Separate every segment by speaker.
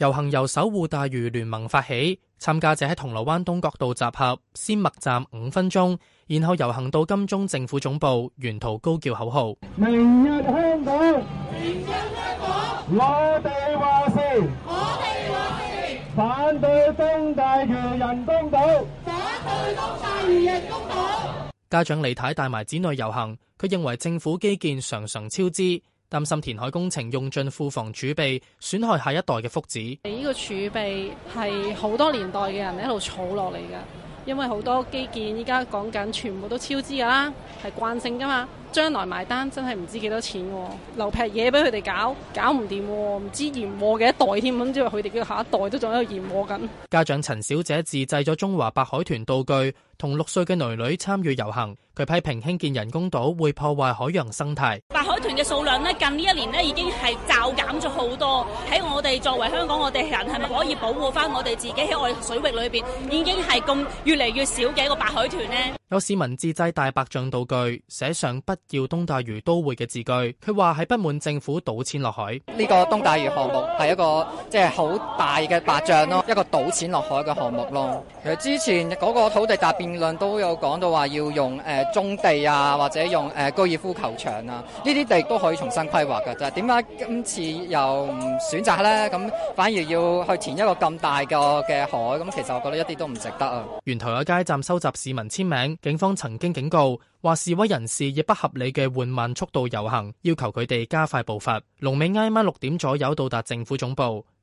Speaker 1: 遊行由守護大嶼聯盟發起，參加者喺銅鑼灣東角道集合，先默站五分鐘，然後遊行到金鐘政府總部，沿途高叫口號：
Speaker 2: 明日香港，明日香港，我哋話事，我哋話事，反對東大嶼人工島，反對東大嶼人工
Speaker 1: 島。家長李太帶埋子女遊行，佢認為政府基建常常超支。擔心填海工程用盡庫房儲備，損害下一代嘅福祉。你呢個儲備係好多年代嘅人一路儲落嚟嘅，因為好多基建依家講緊全部都超支㗎啦，係慣性㗎嘛。將來埋單真係唔知幾多錢喎、啊，留劈嘢俾佢哋搞，搞唔掂喎，唔知延禍嘅一代添、啊，唔知佢哋嘅下一代都仲喺度延禍緊。家長陳小姐自製咗中華白海豚道具，同六歲嘅囡囡參與遊行。佢批評興建人工島會破壞海洋生態。白海豚嘅數量咧，近呢一年咧已經係驟減咗好多。喺我哋作為香港，我哋人係咪可以保護翻我哋自己喺外水域裏邊已經係咁越嚟越少嘅一個白海豚呢？有市民自製大白象道具，寫上不叫東大嶼都會嘅字句，佢話係不滿政府賭錢落海。呢個東大嶼項目係一個即係好大嘅白象咯，一個賭錢落海嘅項目咯。其實之前嗰個土地大辯論都有講到話要用誒、呃、棕地啊，或者用誒高爾夫球場啊，呢啲地都可以重新規劃噶啫。點解今次又唔選擇呢？咁反而要去填一個咁大個嘅海？咁其實我覺得一啲都唔值得啊。沿途有街站收集市民簽名，警方曾經警告。話示威人士以不合理嘅緩慢速度遊行，要求佢哋加快步伐。龍尾挨晚六點左右到達政府總部。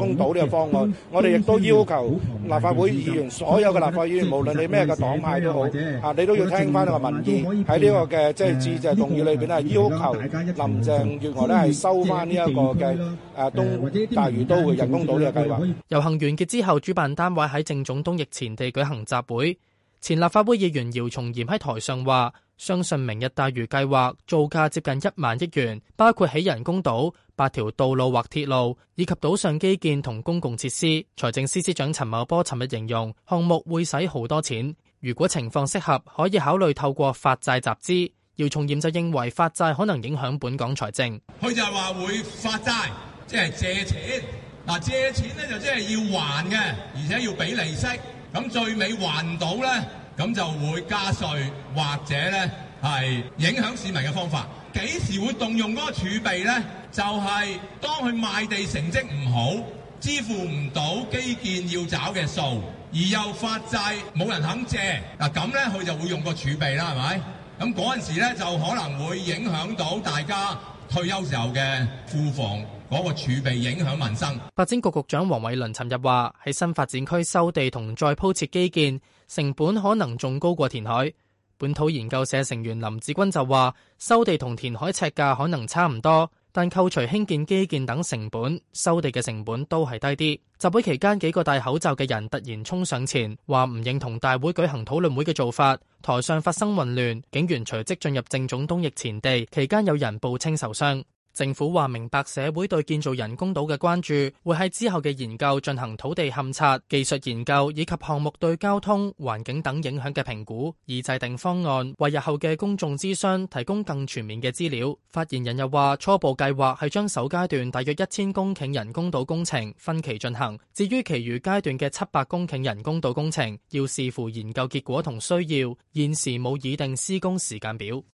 Speaker 2: 公島呢個方案，我哋亦都要求立法會議員，所有嘅立法會議員，無論你咩嘅黨派都好，啊，你都要聽翻呢個民意喺呢個嘅即係致謝動議裏邊咧，要求林鄭月娥咧係收翻呢一個嘅誒東大嶼都會人工島呢個計劃。
Speaker 1: 遊行完結之後，主辦單位喺政總東翼前地舉行集會，前立法會議員姚松炎喺台上話。相信明日大嶼計劃造價接近一萬億元，包括起人工島、八條道路或鐵路，以及島上基建同公共設施。財政司司長陳茂波尋日形容項目會使好多錢，如果情況適合，可以考慮透過發債集資。姚松炎就認為發債可能影響本港財政。
Speaker 2: 佢就係話會發債，即係借錢。嗱，借錢呢，就即係要還嘅，而且要俾利息。咁最尾還唔到呢？咁就會加稅，或者呢係影響市民嘅方法。幾時會動用嗰個儲備呢？就係當佢賣地成績唔好，支付唔到基建要找嘅數，而又發債冇人肯借，嗱咁呢佢就會用個儲備啦，係咪？咁嗰陣時呢就可能會影響到大家。退休時候嘅庫房嗰、那個儲備影響民生。
Speaker 1: 發展局局長黃偉綸尋日話：喺新發展區收地同再鋪設基建成本可能仲高過填海。本土研究社成員林志軍就話：收地同填海尺價可能差唔多。但扣除興建基建等成本，收地嘅成本都係低啲。集會期間，幾個戴口罩嘅人突然衝上前，話唔認同大會舉行討論會嘅做法，台上發生混亂，警員隨即進入政總東翼前地，期間有人報稱受傷。政府話明白社會對建造人工島嘅關注，會喺之後嘅研究進行土地勘測、技術研究以及項目對交通、環境等影響嘅評估，而制定方案，為日後嘅公眾諮詢提供更全面嘅資料。發言人又話，初步計劃係將首階段大約一千公頃人工島工程分期進行，至於其餘階段嘅七百公頃人工島工程，要視乎研究結果同需要，現時冇擬定施工時間表。